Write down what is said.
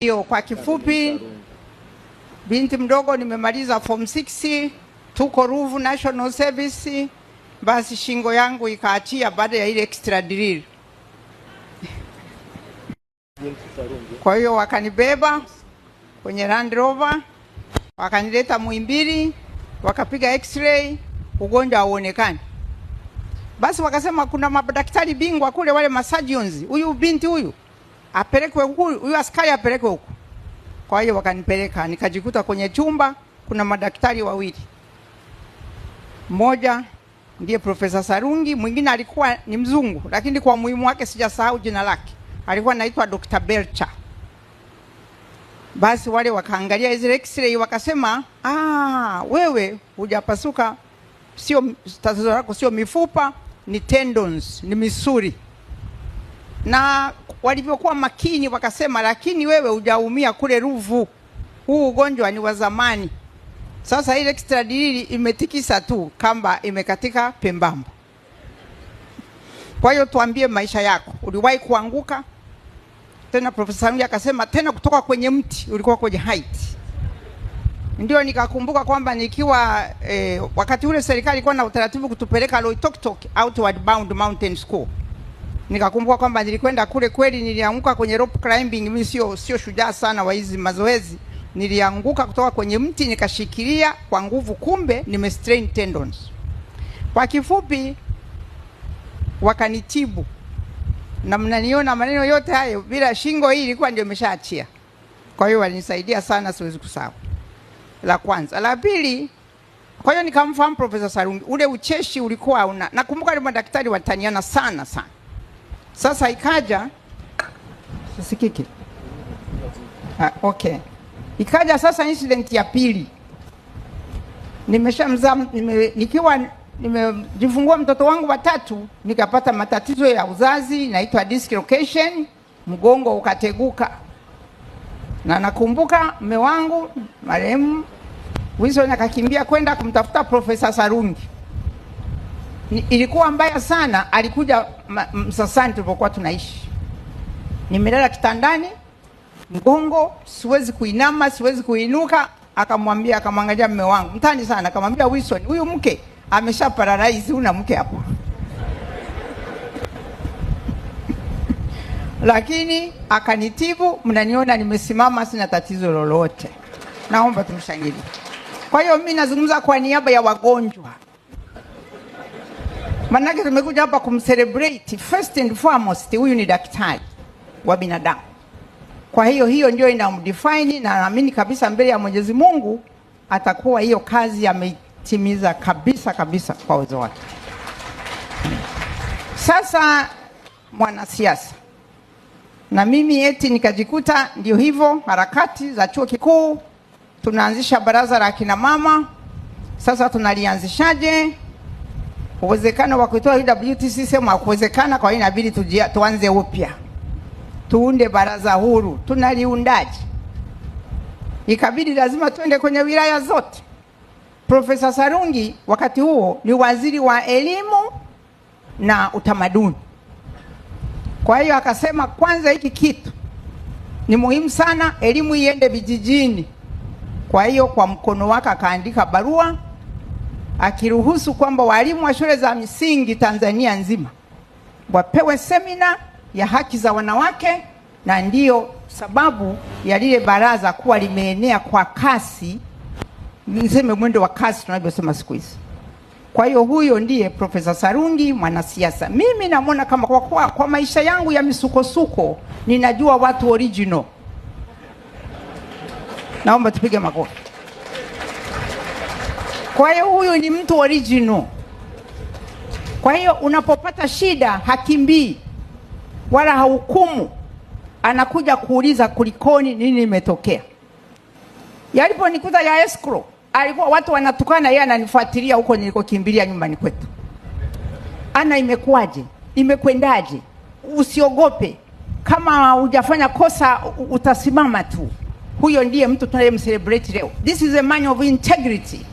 Hiyo kwa kifupi, binti mdogo, nimemaliza form 6 tuko Ruvu National Service. Basi shingo yangu ikaachia baada ya ile extra drill. Kwa hiyo wakanibeba kwenye Land Rover wakanileta Muhimbili, wakapiga x-ray, ugonjwa hauonekani. Basi wakasema kuna madaktari bingwa kule, wale masajionzi, huyu binti huyu apelekwe huku, huyu askari apelekwe huku. Kwa hiyo wakanipeleka, nikajikuta kwenye chumba, kuna madaktari wawili, mmoja ndiye Profesa Sarungi, mwingine alikuwa ni mzungu, lakini kwa muhimu wake sijasahau jina lake, alikuwa anaitwa Dr. Belcha. Basi wale wakaangalia zile x-ray wakasema, ah, wewe hujapasuka, sio tatizo lako, sio mifupa, ni tendons, ni misuri na walivyokuwa makini, wakasema, lakini wewe hujaumia kule Ruvu, huu ugonjwa ni wa zamani. Sasa ile extra dilili imetikisa tu, kamba imekatika pembamba. Kwa hiyo tuambie maisha yako, uliwahi kuanguka? Tena Profesa Ngi akasema tena kutoka kwenye mti, ulikuwa kwenye height. Ndio nikakumbuka kwamba nikiwa eh, wakati ule serikali ilikuwa na utaratibu kutupeleka Loitoktok outward bound mountain school nikakumbuka kwamba nilikwenda kule kweli, nilianguka kwenye rope climbing. Mimi sio sio shujaa sana wa hizi mazoezi, nilianguka kutoka kwenye mti nikashikilia kwa nguvu, kumbe nime strain tendons. Kwa kifupi, wakanitibu na mnaniona maneno yote hayo bila shingo hii ilikuwa ndio imeshaachia. Kwa hiyo walinisaidia sana, siwezi kusahau. La kwanza, la pili kwa hiyo nikamfahamu Profesa Sarungi. Ule ucheshi ulikuwa una, nakumbuka ile madaktari wataniana sana sana, sasa ikaja sisikiki. Ah, okay. Ikaja sasa incident ya pili, nimeshamzaa nime, nikiwa nimejifungua mtoto wangu watatu, nikapata matatizo ya uzazi inaitwa dislocation, mgongo ukateguka, na nakumbuka mme wangu marehemu Wilson akakimbia kwenda kumtafuta Profesa Sarungi ilikuwa mbaya sana. Alikuja Msasani tulipokuwa tunaishi, nimelala kitandani, mgongo siwezi kuinama, siwezi kuinuka. Akamwambia, akamwangalia mme wangu mtani sana, akamwambia Wilson, huyu mke amesha paralaizi, una mke hapo. Lakini akanitibu, mnaniona nimesimama, sina tatizo lolote. Naomba tumshangilie. Kwa hiyo mimi nazungumza kwa niaba ya wagonjwa. Manake tumekuja hapa kumcelebrate first and foremost, huyu ni daktari wa binadamu. Kwa hiyo hiyo ndio inamdefine, na naamini kabisa mbele ya Mwenyezi Mungu atakuwa hiyo kazi ameitimiza kabisa kabisa kwa uwezo wake. Sasa mwanasiasa na mimi eti nikajikuta ndio hivyo, harakati za chuo kikuu tunaanzisha baraza la kina mama. Sasa tunalianzishaje? uwezekano wa kuitoa UWT e sema hakuwezekana, kwa hiyo inabidi tuanze upya, tuunde baraza huru. Tunaliundaje? Ikabidi lazima tuende kwenye wilaya zote. Profesa Sarungi wakati huo ni waziri wa elimu na utamaduni. Kwa hiyo akasema, kwanza hiki kitu ni muhimu sana, elimu iende vijijini. Kwa hiyo kwa mkono wake akaandika barua akiruhusu kwamba walimu wa shule za msingi Tanzania nzima wapewe semina ya haki za wanawake, na ndiyo sababu ya lile baraza kuwa limeenea kwa kasi, niseme mwendo wa kasi tunavyosema siku hizi. Kwa hiyo huyo ndiye Profesa Sarungi, mwanasiasa. Mimi namwona kama kwa, kwa, kwa maisha yangu ya misukosuko ninajua watu original. Naomba tupige makofi. Kwa hiyo huyu ni mtu original. Kwa hiyo unapopata shida hakimbii wala hahukumu, anakuja kuuliza kulikoni, nini imetokea. Yaliponikuta ya escrow, alikuwa watu wanatukana, yeye ananifuatilia huko nilikokimbilia nyumbani kwetu. Ana, imekuwaje? Imekwendaje? Usiogope, kama hujafanya kosa utasimama tu. Huyo ndiye mtu tunayemcelebrate leo. This is a man of integrity.